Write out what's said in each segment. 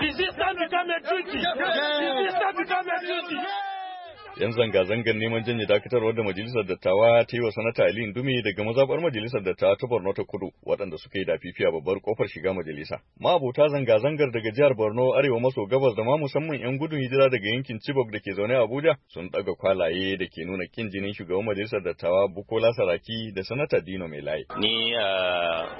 Resistance become a duty. Resistance become a duty. yan zanga-zangar neman janye dakatarwar da majalisar dattawa ta yi wa sanata Ali dumi daga mazabar majalisar dattawa ta Borno ta Kudu waɗanda suka yi da fifiya babbar kofar shiga majalisa. Ma'abota zanga-zangar daga jihar Borno arewa maso gabas da ma musamman yan gudun hijira daga yankin Chibok da ke zaune Abuja sun ɗaga kwalaye da ke nuna kin jinin shugaban majalisar dattawa Bukola Saraki da sanata Dino Melaye. Ni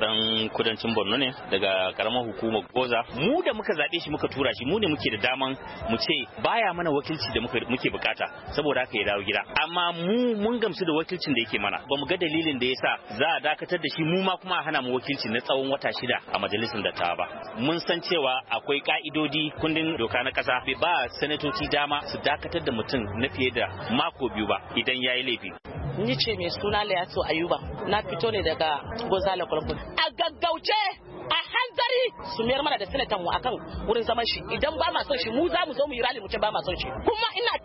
dan kudancin Borno ne daga karamar hukumar Goza. Mu da muka zaɓe shi muka tura shi mu ne muke da daman mu ce baya mana wakilci da muke bukata. saboda haka ya dawo gida amma mu mun gamsu da wakilcin da yake mana bamu ga dalilin da yasa za a dakatar da shi mu ma kuma a hana mu wakilci na tsawon wata shida a majalisar dattawa ba mun san cewa akwai ka'idodi kundin doka na kasa bai ba sanatoci dama su dakatar da mutum na fiye da mako biyu ba idan ya yi laifi ni ce mai suna Layato Ayuba na fito ne daga Gonzalo Kwalkwal. A gaggauce a hanzari su mayar mana da sanatan mu akan wurin zaman shi idan ba ma son shi mu za mu zo mu yi rali mu ce ba ma son shi kuma ina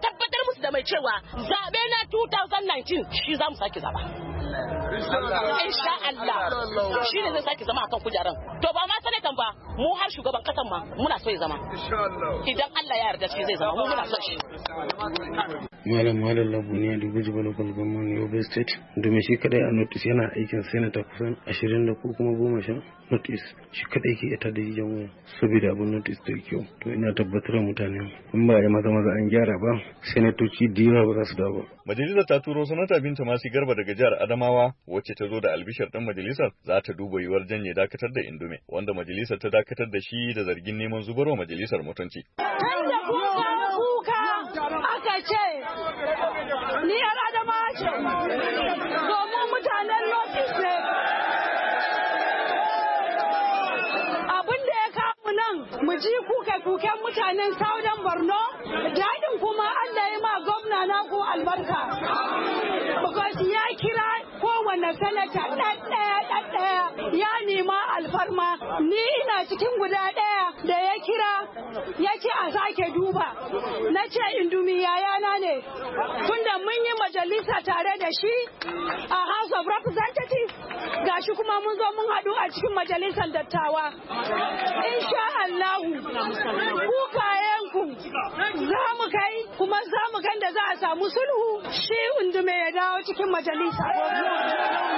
da mai cewa zaɓe na 2019 shi za mu sake zaba. insha Allah shi ne zai sake zama a kan kujeran to ba ma sanatan ba mu har shugaban kasan ma muna so ya zama idan Allah ya yarda shi zai zama mu muna so shi malam malam labu ne da guji bala kwalgaman yobe state domin shi kadai a notice yana aikin senata kusan ashirin da kuma goma sha notice shi kadai ke ita da jijiyar waya saboda abin notice da kyau to ina tabbatar mutane in ba ya maza maza an gyara ba senatoci diwa ba za su dawo majalisar ta turo sanata binta masu garba daga jihar adamawa wacce ta zo da albishar dan majalisar za ta duba yiwuwar janye dakatar da indomi, wanda majalisar ta dakatar da shi da zargin neman zubarwa majalisar mutunci. ni yar adama ce domin mutanen northeast ne abin da ya kamu nan mu ji kuke-kuken mutanen southern borno dadin kuma allah yi ma gwamna na albarka because ya kira kowane sanata ɗaɗɗaya ɗaya ya nema alfarma ni ina cikin guda ɗaya da ya kira ya ce a sake duba na ce indumi yayana ne tun da majalisa tare da shi a House of Representatives gashi kuma mun zo mun hadu a cikin majalisar dattawa. Insha Allahu kukayenku za mu kai kuma za mu kan da za a samu sulhu shi undume ya dawo cikin majalisa.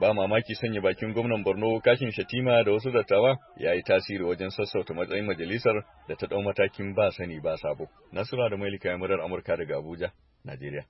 ba mamaki sanya bakin gwamnan Borno kashin Shatima da wasu dattawa ya yi tasiri wajen sassauta matsayin majalisar da ta ɗau matakin ba sani ba sabo. Nasura da Mailika Yamurar Amurka daga Abuja, Najeriya.